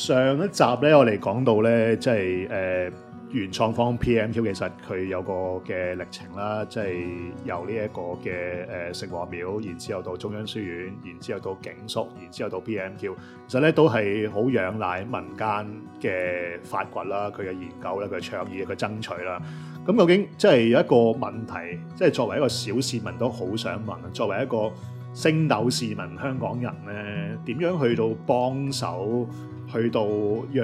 上一集咧，我哋講到咧，即係誒元創方 P.M.Q. 其實佢有個嘅歷程啦，即係由呢一個嘅誒城隍廟，然之後到中央書院，然之後到警宿，然之後到 P.M.Q. 其實咧都係好仰賴民間嘅發掘啦，佢嘅研究啦，佢嘅倡議，佢爭取啦。咁究竟即係有一個問題，即係作為一個小市民都好想問，作為一個星斗市民，香港人咧點樣去到幫手？去到讓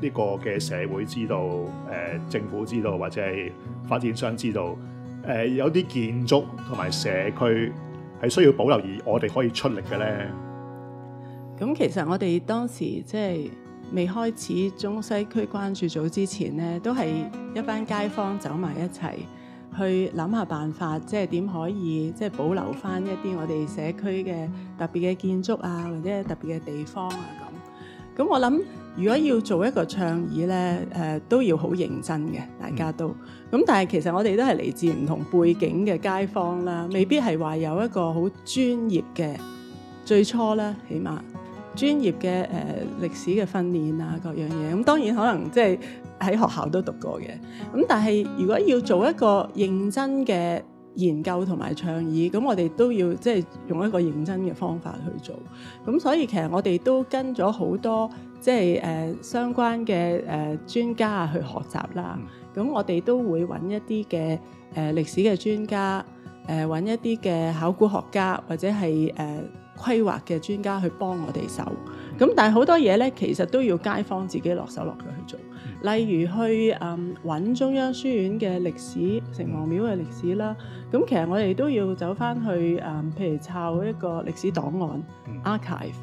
呢個嘅社會知道，誒、呃、政府知道，或者係發展商知道，誒、呃、有啲建築同埋社區係需要保留，而我哋可以出力嘅咧。咁其實我哋當時即係未開始中西區關注組之前咧，都係一班街坊走埋一齊去諗下辦法，即係點可以即係保留翻一啲我哋社區嘅特別嘅建築啊，或者特別嘅地方啊。咁我諗，如果要做一個倡議呢，誒、呃、都要好認真嘅，大家都。咁但係其實我哋都係嚟自唔同背景嘅街坊啦，未必係話有一個好專業嘅。最初咧，起碼專業嘅誒、呃、歷史嘅訓練啊，各樣嘢。咁當然可能即係喺學校都讀過嘅。咁但係如果要做一個認真嘅研究同埋倡議，咁我哋都要即係、就是、用一個認真嘅方法去做。咁所以其實我哋都跟咗好多即係誒相關嘅誒、呃、專家去學習啦。咁我哋都會揾一啲嘅誒歷史嘅專家，誒、呃、揾一啲嘅考古學家或者係誒、呃、規劃嘅專家去幫我哋手。咁但係好多嘢呢，其實都要街坊自己落手落腳去做。例如去誒揾、嗯、中央書院嘅歷史、嗯、城隍廟嘅歷史啦，咁其實我哋都要走翻去誒、嗯，譬如抄一個歷史檔案、嗯、archive，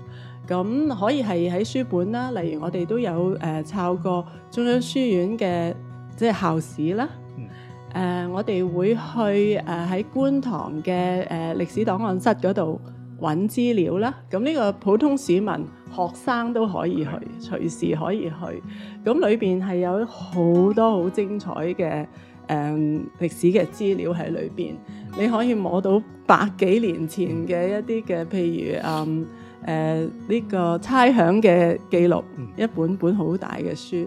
咁可以係喺書本啦。例如我哋都有誒抄、呃、過中央書院嘅即係校史啦。誒、嗯呃，我哋會去誒喺、呃、觀塘嘅誒歷史檔案室嗰度，揾資料啦，咁呢個普通市民、學生都可以去，隨時可以去。咁裏面係有好多好精彩嘅誒、嗯、歷史嘅資料喺裏面。你可以摸到百幾年前嘅一啲嘅，譬如誒誒呢個差餉嘅記錄，一本本好大嘅書。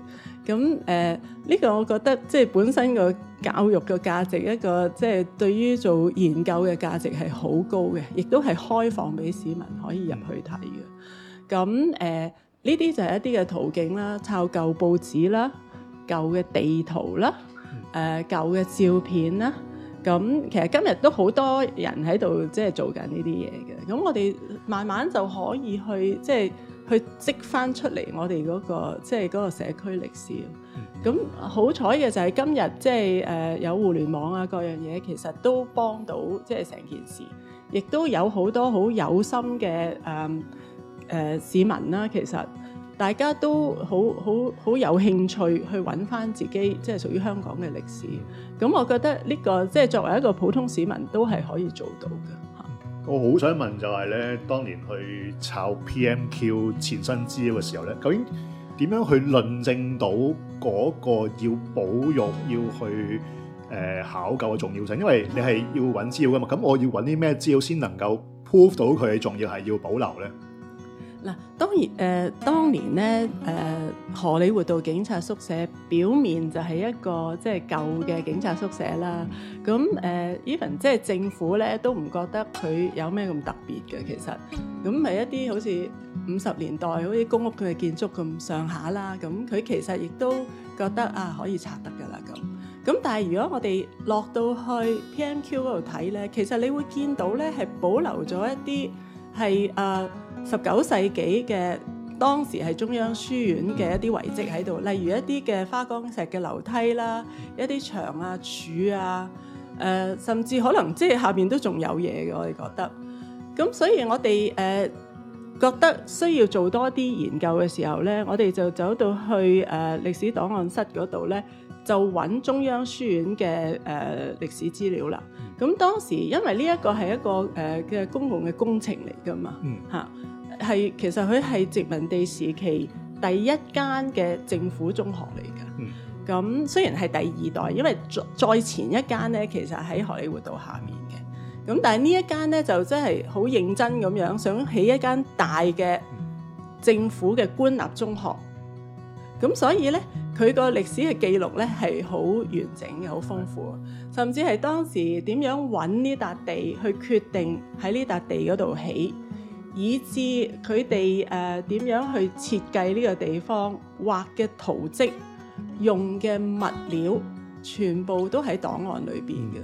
咁誒呢個我覺得即係本身個教育嘅價值一個即係、就是、對於做研究嘅價值係好高嘅，亦都係開放俾市民可以入去睇嘅。咁誒呢啲就係一啲嘅途徑啦，抄舊報紙啦、舊嘅地圖啦、誒舊嘅照片啦。咁、嗯、其實今日都好多人喺度即係做緊呢啲嘢嘅。咁我哋慢慢就可以去即係。就是去積翻出嚟，我哋嗰個即係嗰個社區歷史。咁好彩嘅就係今日即係誒有互聯網啊，各樣嘢其實都幫到即係成件事。亦都有好多好有心嘅誒誒市民啦。其實大家都好好好有興趣去揾翻自己即係屬於香港嘅歷史。咁我覺得呢個即係作為一個普通市民都係可以做到嘅。我好想問就係、是、咧，當年去炒 PMQ 前身資料嘅時候咧，究竟點樣去論證到嗰個要保育、要去、呃、考究嘅重要性？因為你係要揾資料噶嘛，咁我要揾啲咩資料先能夠 prove 到佢嘅重要係要保留咧？嗱，當然誒、呃，當年咧誒、呃，荷里活道警察宿舍表面就係一個即係舊嘅警察宿舍啦。咁誒，even 即係政府咧都唔覺得佢有咩咁特別嘅其實。咁係一啲好似五十年代好似公屋佢嘅建築咁上下啦。咁佢其實亦都覺得啊可以拆得噶啦咁。咁但係如果我哋落到去 PMQ 嗰度睇咧，其實你會見到咧係保留咗一啲係誒。呃十九世紀嘅當時係中央書院嘅一啲遺跡喺度，例如一啲嘅花崗石嘅樓梯啦，一啲牆啊柱啊，誒、呃、甚至可能即係下面都仲有嘢嘅，我哋覺得。咁所以我哋誒、呃、覺得需要做多啲研究嘅時候咧，我哋就走到去誒、呃、歷史檔案室嗰度咧。就揾中央書院嘅誒、呃、歷史資料啦。咁當時，因為呢一個係一個誒嘅公共嘅工程嚟噶嘛，吓、嗯，係其實佢係殖民地時期第一間嘅政府中學嚟嘅。咁、嗯、雖然係第二代，因為再前一間咧，其實喺荷里活道下面嘅。咁但係呢一間咧就真係好認真咁樣，想起一間大嘅政府嘅官立中學。咁所以咧，佢個歷史嘅記錄咧係好完整嘅，好豐富，甚至係當時點樣揾呢笪地去決定喺呢笪地嗰度起，以至佢哋誒點樣去設計呢個地方畫嘅圖則、用嘅物料，全部都喺檔案裏邊嘅。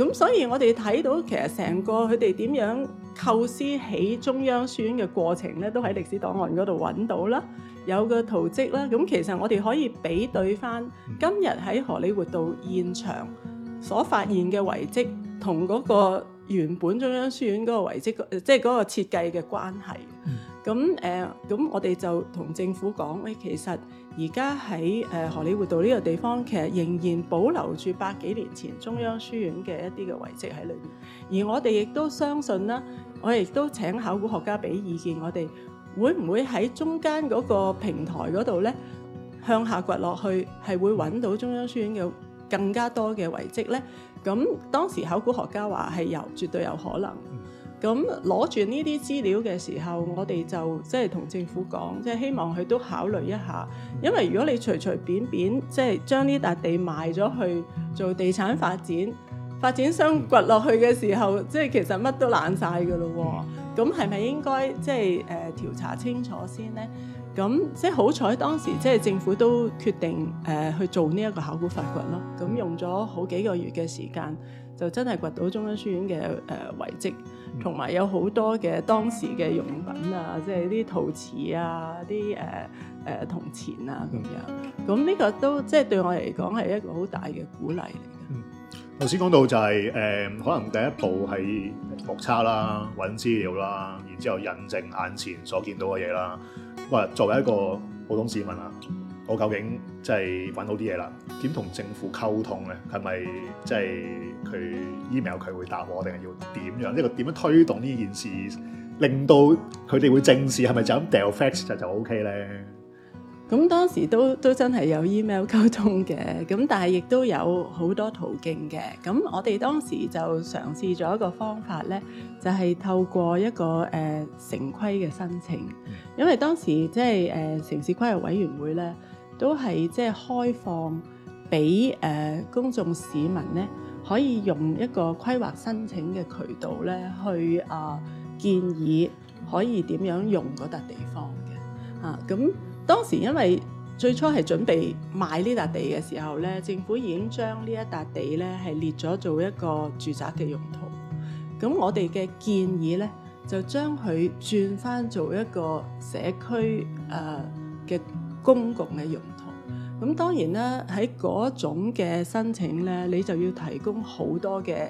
咁所以我哋睇到其實成個佢哋點樣構思起中央書院嘅過程咧，都喺歷史檔案嗰度揾到啦。有個圖跡啦，咁其實我哋可以比對翻今日喺荷李活道現場所發現嘅遺跡，同嗰個原本中央書院嗰、就是、個遺跡即係嗰個設計嘅關係。咁誒、嗯，咁我哋就同政府講，喂，其實而家喺誒荷李活道呢個地方，其實仍然保留住百幾年前中央書院嘅一啲嘅遺跡喺裏邊。而我哋亦都相信啦，我哋亦都請考古學家俾意見我哋，我哋，會唔會喺中間嗰個平台嗰度呢，向下掘落去，係會揾到中央書院嘅更加多嘅遺蹟呢？咁當時考古學家話係有，絕對有可能。咁攞住呢啲資料嘅時候，我哋就即係同政府講，即係希望佢都考慮一下。因為如果你隨隨便便即係將呢笪地賣咗去做地產發展，發展商掘落去嘅時候，即係其實乜都爛晒嘅咯喎。咁係咪應該即係誒調查清楚先呢？咁即係好彩當時即係、就是、政府都決定誒、呃、去做呢一個考古發掘咯。咁用咗好幾個月嘅時間，就真係掘到中央書院嘅誒、呃、遺跡，同埋有好多嘅當時嘅用品啊，即係啲陶瓷啊，啲誒誒銅錢啊咁樣。咁呢個都即係、就是、對我嚟講係一個好大嘅鼓勵嘅。頭先講到就係、是、誒，可能第一步係目測啦，揾資料啦，然之後印證眼前所見到嘅嘢啦。喂，作為一個普通市民啊，我究竟即係揾到啲嘢啦？點同政府溝通咧？係咪即係佢 email 佢會答我，定係要點樣？即係點樣推動呢件事，令到佢哋會正視？係咪就咁掉 fact 就就 OK 咧？咁當時都都真係有 email 溝通嘅，咁但係亦都有好多途徑嘅。咁我哋當時就嘗試咗一個方法咧，就係、是、透過一個誒、呃、城規嘅申請，因為當時即係誒城市規劃委員會咧，都係即係開放俾誒、呃、公眾市民咧，可以用一個規劃申請嘅渠道咧，去啊、呃、建議可以點樣用嗰笪地方嘅啊咁。當時因為最初係準備買呢笪地嘅時候咧，政府已經將呢一笪地咧係列咗做一個住宅嘅用途。咁我哋嘅建議咧，就將佢轉返做一個社區誒嘅公共嘅用途。咁當然啦，喺嗰種嘅申請咧，你就要提供好多嘅。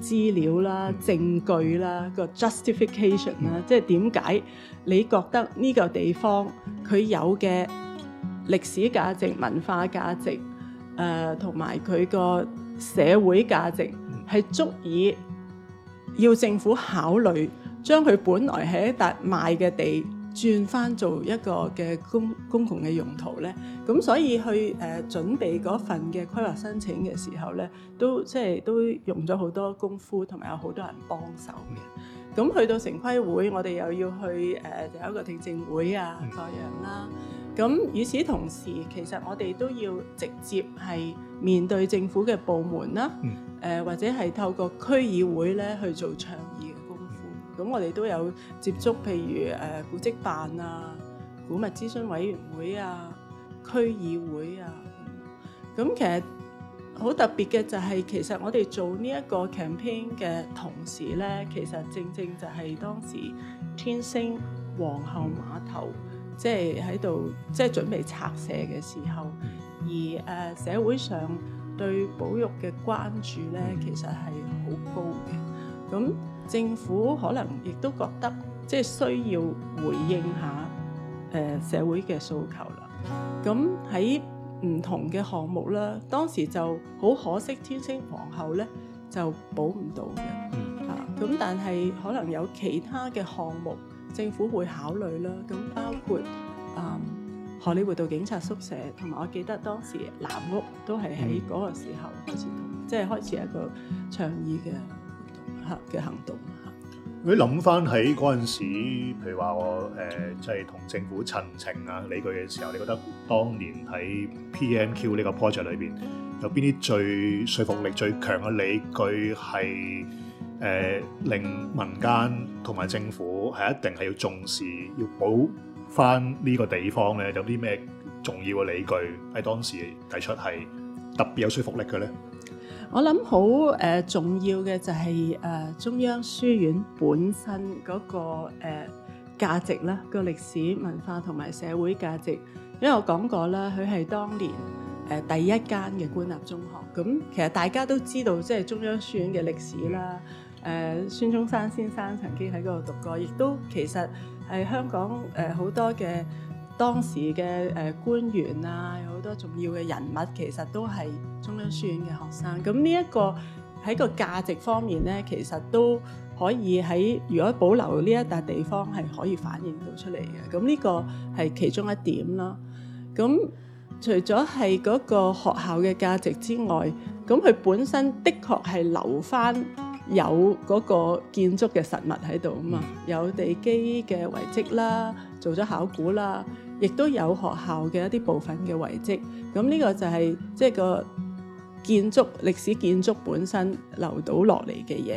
資料啦、證據啦、個 justification 啦，即係點解你覺得呢個地方佢有嘅歷史價值、文化價值，誒同埋佢個社會價值係足以要政府考慮將佢本來係一笪賣嘅地，轉翻做一個嘅公公共嘅用途咧，咁所以去誒準備嗰份嘅規劃申請嘅時候咧，都即係都用咗好多功夫，同埋有好多人幫手嘅。咁去到城規會，我哋又要去誒、呃、有一個聽證會啊，咁樣啦。咁與此同時，其實我哋都要直接係面對政府嘅部門啦、嗯呃，或者係透過區議會咧去做倡議。咁我哋都有接觸，譬如誒古蹟辦啊、古物諮詢委員會啊、區議會啊。咁其實好特別嘅就係，其實我哋做呢一個 campaign 嘅同時咧，其實正正就係當時天星皇后碼頭即係喺度即係準備拆卸嘅時候，而誒、呃、社會上對保育嘅關注咧，其實係好高嘅。咁政府可能亦都覺得即係需要回應下誒社會嘅訴求啦。咁喺唔同嘅項目啦，當時就好可惜，天星皇后咧就保唔到嘅嚇。咁、啊、但係可能有其他嘅項目，政府會考慮啦。咁包括誒荷里活道警察宿舍，同埋我記得當時藍屋都係喺嗰個時候開始，即、就、係、是、開始一個倡議嘅。嘅行動嚇、啊，你諗翻喺嗰陣時，譬如話我誒即係同政府陳情啊、理據嘅時候，你覺得當年喺 PMQ 呢個 project 裏邊有邊啲最說服力、最強嘅理據係誒、呃、令民間同埋政府係一定係要重視、要保翻呢個地方咧？有啲咩重要嘅理據喺當時提出係特別有說服力嘅咧？我諗好誒重要嘅就係誒中央書院本身嗰個誒價值啦，個歷史文化同埋社會價值。因為我講過啦，佢係當年誒第一間嘅官立中學。咁其實大家都知道，即係中央書院嘅歷史啦。誒，孫中山先生曾經喺嗰度讀過，亦都其實係香港誒好多嘅。當時嘅誒官員啊，有好多重要嘅人物，其實都係中央書院嘅學生。咁呢一個喺個價值方面咧，其實都可以喺如果保留呢一笪地方係可以反映到出嚟嘅。咁呢個係其中一點啦。咁除咗係嗰個學校嘅價值之外，咁佢本身的確係留返有嗰個建築嘅實物喺度啊嘛，有地基嘅遺跡啦，做咗考古啦。亦都有學校嘅一啲部分嘅遺跡，咁呢個就係即係個建築歷史建築本身留到落嚟嘅嘢。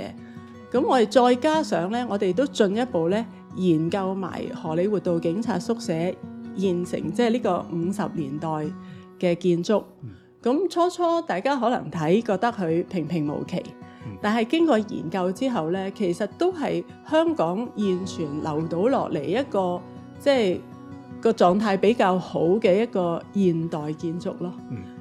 咁我哋再加上呢，我哋都進一步呢研究埋荷里活道警察宿舍現成，即係呢個五十年代嘅建築。咁初初大家可能睇覺得佢平平無奇，但係經過研究之後呢，其實都係香港現存留到落嚟一個即係。即係個狀態比較好嘅一個現代建築咯。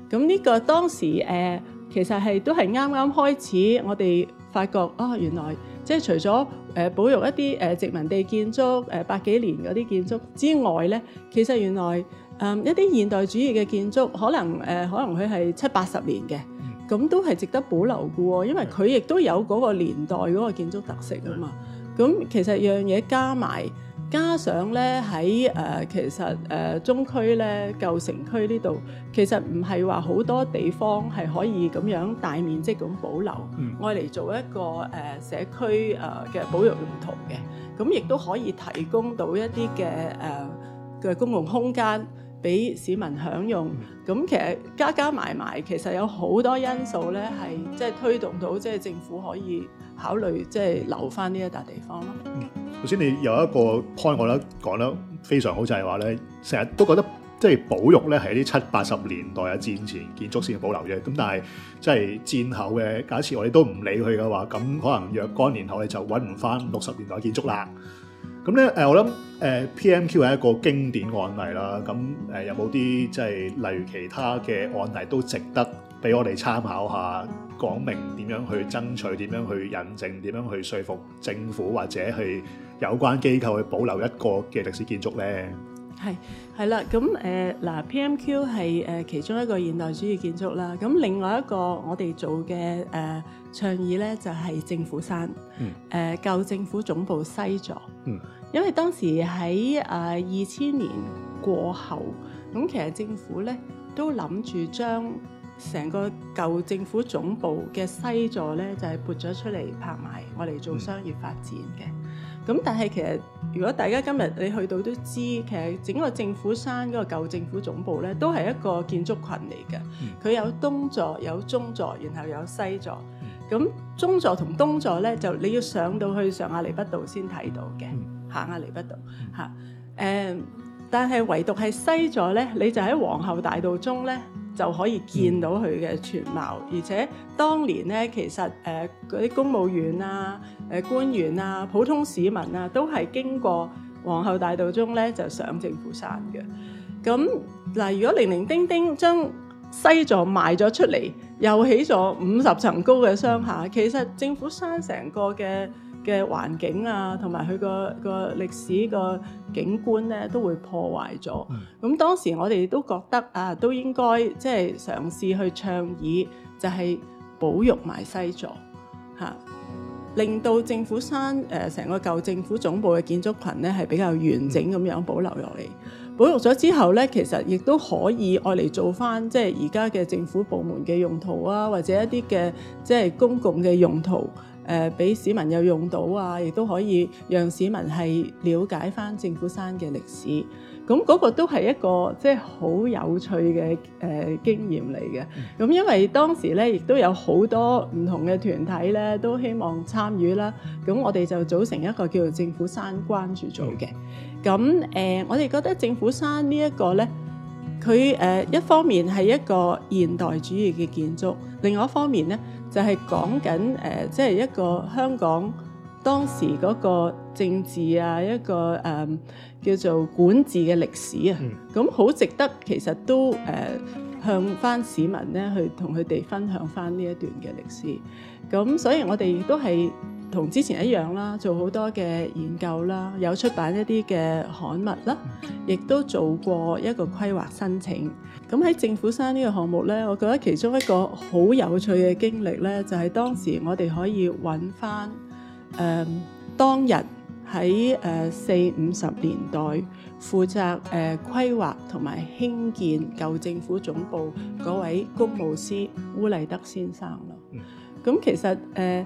咁呢個當時誒，其實係都係啱啱開始，我哋發覺啊，原來即係除咗誒保育一啲誒殖民地建築誒百幾年嗰啲建築之外咧，其實原來誒一啲現代主義嘅建築，可能誒可能佢係七八十年嘅，咁都係值得保留嘅喎，因為佢亦都有嗰個年代嗰個建築特色啊嘛。咁其實樣嘢加埋。加上咧喺誒其實誒中區咧舊城區呢度、呃，其實唔係話好多地方係可以咁樣大面積咁保留，愛嚟、嗯、做一個誒、呃、社區誒嘅保育用途嘅，咁亦都可以提供到一啲嘅誒嘅公共空間俾市民享用。咁、嗯、其實加加埋埋，其實有好多因素咧，係即係推動到即係政府可以考慮即係留翻呢一笪地方咯。嗯。頭先你有一個 point，我覺得講得非常好，就係話咧，成日都覺得即係保育咧，係啲七八十年代嘅戰前建築先保留嘅。咁但係即係戰後嘅，假設我哋都唔理佢嘅話，咁可能若干年後你就揾唔翻六十年代建築啦。咁咧誒，我諗誒 PMQ 係一個經典案例啦。咁誒，有冇啲即係例如其他嘅案例都值得俾我哋參考下，講明點樣去爭取，點樣去引證，點樣去說服政府或者去？有關機構去保留一個嘅歷史建築咧，係係啦，咁誒嗱，PMQ 係誒其中一個現代主義建築啦。咁另外一個我哋做嘅誒倡議咧，就係政府山誒舊政府總部西座。嗯，因為當時喺誒二千年過後，咁其實政府咧都諗住將成個舊政府總部嘅西座咧，就係撥咗出嚟拍賣，我嚟做商業發展嘅。咁但係其實，如果大家今日你去到都知，其實整個政府山嗰、嗰個舊政府總部咧，都係一個建築群嚟嘅。佢、嗯、有東座、有中座，然後有西座。咁、嗯、中座同東座咧，就你要上到去上下亞厘畢道先睇到嘅，行亞厘畢道、嗯、但係唯獨係西座咧，你就喺皇后大道中咧，就可以見到佢嘅全貌，而且當年咧，其實誒嗰啲公務員啊、誒官員啊、普通市民啊，都係經過皇后大道中咧就上政府山嘅。咁嗱，如果零零丁丁將西座賣咗出嚟，又起咗五十層高嘅商廈，其實政府山成個嘅嘅環境啊，同埋佢個個歷史個景觀咧，都會破壞咗。咁當時我哋都覺得啊，都應該即係嘗試去倡議，就係、是、保育埋西座，啊，令到政府山成、呃、個舊政府總部嘅建築群咧，係比較完整咁樣保留落嚟。保育咗之後咧，其實亦都可以愛嚟做翻即係而家嘅政府部門嘅用途啊，或者一啲嘅即係公共嘅用途。誒俾市民又用到啊，亦都可以讓市民係了解返政府山嘅歷史。咁嗰個都係一個即係好有趣嘅誒經驗嚟嘅。咁因為當時咧，亦都有好多唔同嘅團體咧，都希望參與啦。咁我哋就組成一個叫做政府山關注組嘅。咁誒，我哋覺得政府山呢一個咧。佢誒一方面係一個現代主義嘅建築，另外一方面呢就係講緊誒，即係一個香港當時嗰個政治啊，一個誒叫做管治嘅歷史啊。咁好值得其實都誒向翻市民呢去同佢哋分享翻呢一段嘅歷史。咁所以我哋亦都係。同之前一樣啦，做好多嘅研究啦，有出版一啲嘅刊物啦，亦都做過一個規劃申請。咁喺政府山呢個項目呢，我覺得其中一個好有趣嘅經歷呢，就係當時我哋可以揾翻誒當日喺誒四五十年代負責誒規劃同埋興建舊政府總部嗰位工務司鄔勵德先生咯。咁其實誒。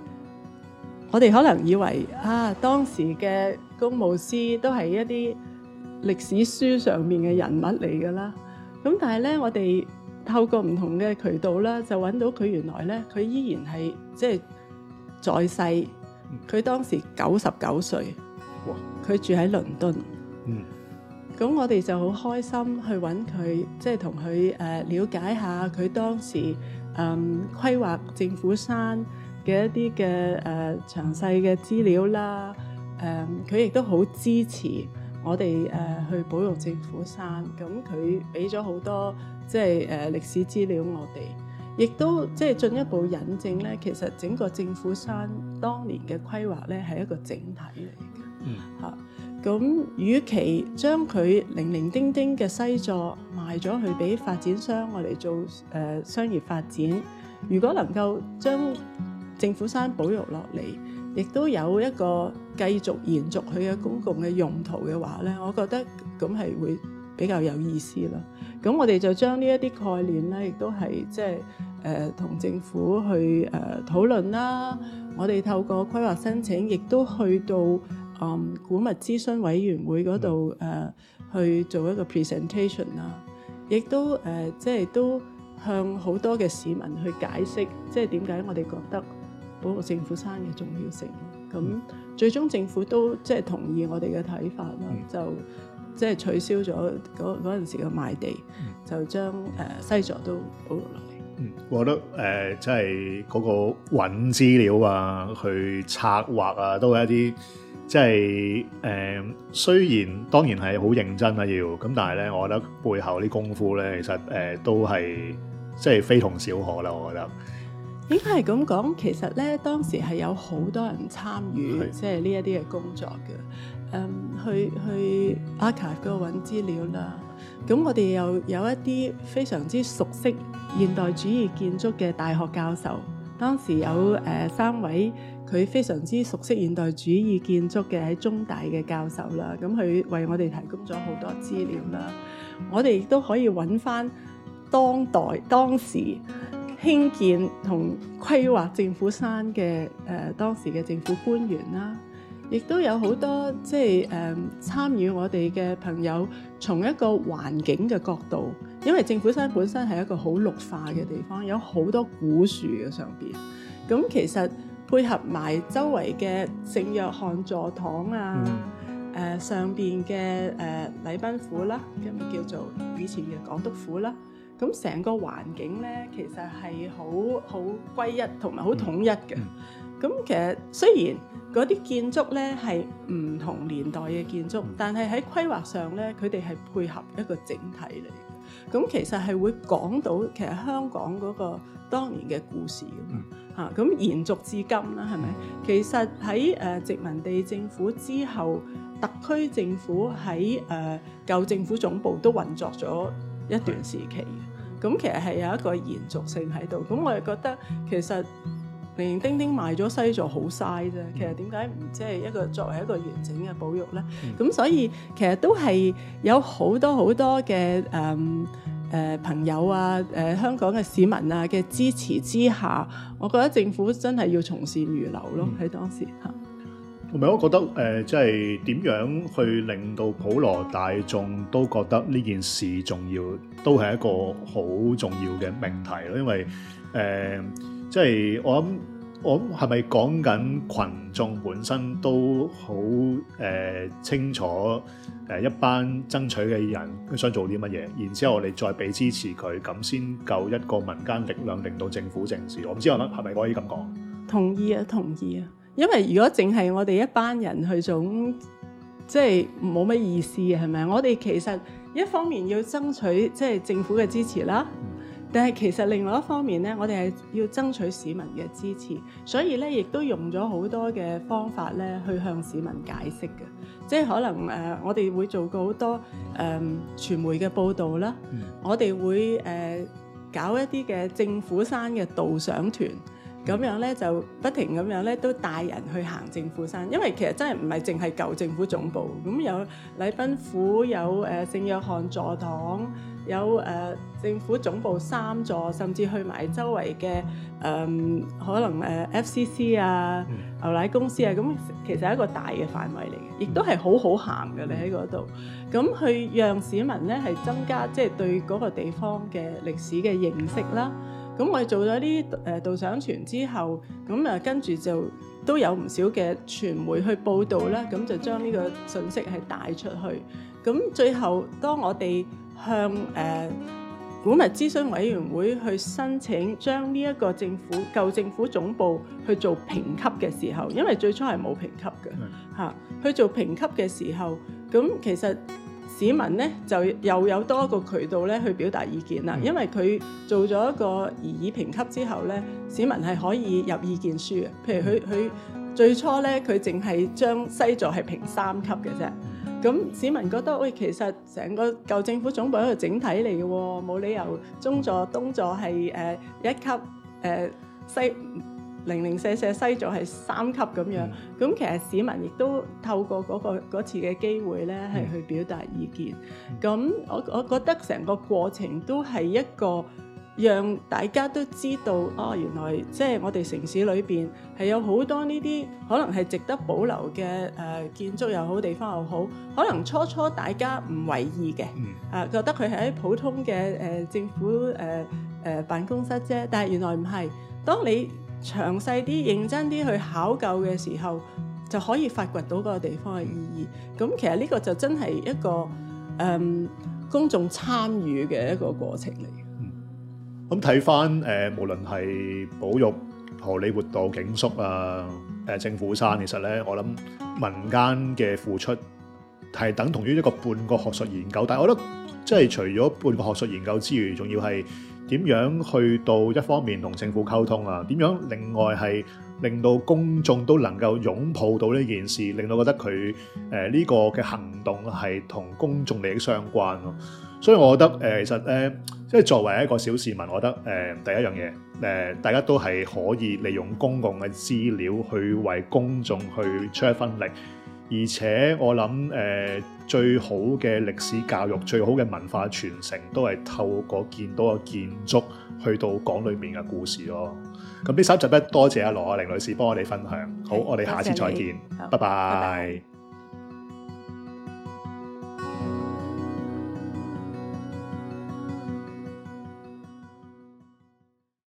我哋可能以為啊，當時嘅公務司都係一啲歷史書上面嘅人物嚟㗎啦。咁但係咧，我哋透過唔同嘅渠道啦，就揾到佢原來咧，佢依然係即係在世。佢當時九十九歲，佢住喺倫敦。嗯。咁我哋就好開心去揾佢，即係同佢誒瞭解下佢當時誒規劃政府山。嘅一啲嘅誒詳細嘅資料啦，誒佢亦都好支持我哋誒、呃、去保育政府山。咁佢俾咗好多即係誒歷史資料我，我哋亦都即係進一步引證咧。其實整個政府山當年嘅規劃咧，係一個整體嚟嘅嗯，吓、啊，咁，與其將佢零零丁丁嘅西座賣咗去俾發展商來，我哋做誒商業發展，如果能夠將。政府山保育落嚟，亦都有一個繼續延續佢嘅公共嘅用途嘅話咧，我覺得咁係會比較有意思啦，咁我哋就將呢一啲概念咧，亦都係即係誒同政府去誒討論啦。我哋透過規劃申請亦都去到誒、嗯、古物諮詢委員會嗰度誒去做一個 presentation 啦，亦都誒即係都向好多嘅市民去解釋，即係點解我哋覺得。保護政府山嘅重要性，咁最終政府都即係同意我哋嘅睇法啦，嗯、就即係取消咗嗰嗰陣時嘅賣地，嗯、就將誒、呃、西座都保留落嚟。嗯，我覺得誒即係嗰個揾資料啊、去策劃啊，都係一啲即係誒，雖然當然係好認真啦、啊、要，咁但係咧，我覺得背後啲功夫咧，其實誒、呃、都係即係非同小可啦，我覺得。應該係咁講，其實咧當時係有好多人參與，即係呢一啲嘅工作嘅。的嗯，去去 archive 嗰度揾資料啦。咁我哋又有一啲非常之熟悉現代主義建築嘅大學教授。當時有誒、呃、三位，佢非常之熟悉現代主義建築嘅喺中大嘅教授啦。咁佢為我哋提供咗好多資料啦。我哋亦都可以揾翻當代當時，興建同規劃政府山嘅誒、呃、當時嘅政府官員啦，亦都有好多即係誒、嗯、參與我哋嘅朋友，從一個環境嘅角度，因為政府山本身係一個好綠化嘅地方，有好多古樹嘅上邊。咁其實配合埋周圍嘅聖約翰座堂啊，誒、嗯呃、上邊嘅誒禮賓府啦，今日叫做以前嘅港督府啦。咁成個環境咧，其實係好好歸一同埋好統一嘅。咁其實雖然嗰啲建築咧係唔同年代嘅建築，但係喺規劃上咧，佢哋係配合一個整體嚟。咁其實係會講到其實香港嗰個當年嘅故事。嚇，咁延續至今啦，係咪？其實喺誒殖民地政府之後，特區政府喺誒舊政府總部都運作咗一段時期。咁其實係有一個延續性喺度，咁我係覺得其實零零丁丁賣咗西座好嘥啫，其實點解唔即係一個作為一個完整嘅保育咧？咁、嗯、所以其實都係有好多好多嘅誒誒朋友啊、誒、呃、香港嘅市民啊嘅支持之下，我覺得政府真係要從善如流咯喺當時嚇。嗯嗯。同埋，我覺得誒，即係點樣去令到普羅大眾都覺得呢件事重要，都係一個好重要嘅命題咯。因為誒，即係我諗，我諗係咪講緊羣眾本身都好誒清楚誒一班爭取嘅人想做啲乜嘢，然之後我哋再俾支持佢，咁先夠一個民間力量令到政府正視。我唔知我諗係咪可以咁講？同意啊，同意啊！因為如果淨係我哋一班人去做，即係冇乜意思嘅係咪？我哋其實一方面要爭取即係政府嘅支持啦，但係其實另外一方面咧，我哋係要爭取市民嘅支持，所以咧亦都用咗好多嘅方法咧去向市民解釋嘅，即係可能誒、呃、我哋會做過好多誒傳、呃、媒嘅報道啦，嗯、我哋會誒、呃、搞一啲嘅政府山嘅導賞團。咁樣咧就不停咁樣咧都帶人去行政府山，因為其實真係唔係淨係舊政府總部，咁有禮賓府、有誒聖約翰座堂、有誒政府總部三座，甚至去埋周圍嘅誒可能誒 FCC 啊、牛奶公司啊，咁其實係一個大嘅範圍嚟嘅，亦都係好好行嘅。你喺嗰度，咁去讓市民咧係增加即係對嗰個地方嘅歷史嘅認識啦。咁我哋做咗啲誒導賞團之後，咁啊跟住就都有唔少嘅傳媒去報道啦，咁就將呢個信息係帶出去。咁最後當我哋向誒古物諮詢委員會去申請將呢一個政府舊政府總部去做評級嘅時候，因為最初係冇評級嘅，嚇去做評級嘅時候，咁其實。市民咧就又有多個渠道咧去表達意見啦，因為佢做咗一個而已評級之後咧，市民係可以入意見書嘅。譬如佢佢最初咧，佢淨係將西座係評三級嘅啫。咁市民覺得喂、哎，其實成個舊政府總部係一個整體嚟嘅，冇理由中座東座係誒、呃、一級誒、呃、西。零零四舍西座係三級，咁樣，咁其實市民亦都透過嗰個嗰次嘅機會咧，係去表達意見。咁我我覺得成個過程都係一個讓大家都知道，哦，原來即係我哋城市裏邊係有好多呢啲可能係值得保留嘅誒建築又好，地方又好。可能初初大家唔為意嘅，啊，覺得佢係喺普通嘅誒政府誒誒辦公室啫。但係原來唔係，當你詳細啲、認真啲去考究嘅時候，就可以發掘到個地方嘅意義。咁其實呢個就真係一個誒公眾參與嘅一個過程嚟。嗯，咁睇翻誒，無論係保育、荷李活道、警署啊、誒政府山，其實咧，我諗民間嘅付出係等同於一個半個學術研究。但係我覺得，即係除咗半個學術研究之餘，仲要係。點樣去到一方面同政府溝通呀？點樣另外係令到公眾都能夠擁抱到呢件事，令到覺得佢誒呢個嘅行動係同公眾利益相關咯。所以我覺得誒其實誒即係作為一個小市民，我覺得誒第一樣嘢誒大家都係可以利用公共嘅資料去為公眾去出一分力，而且我諗誒。最好嘅歷史教育，最好嘅文化傳承，都係透過見到個建築去到講裏面嘅故事咯。咁呢三集咧，多謝阿羅雅寧女士幫我哋分享。好，我哋下次再見，拜拜。